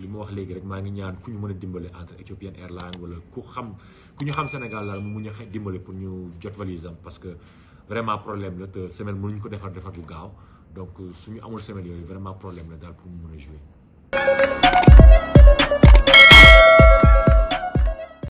li ma wax légui rek ngi ñaan entre Ethiopian Airlines wala ku xam Sénégal mu pour ñu jot valise parce que vraiment problème la te semaine ko donc suñu amul vraiment problème la pour jouer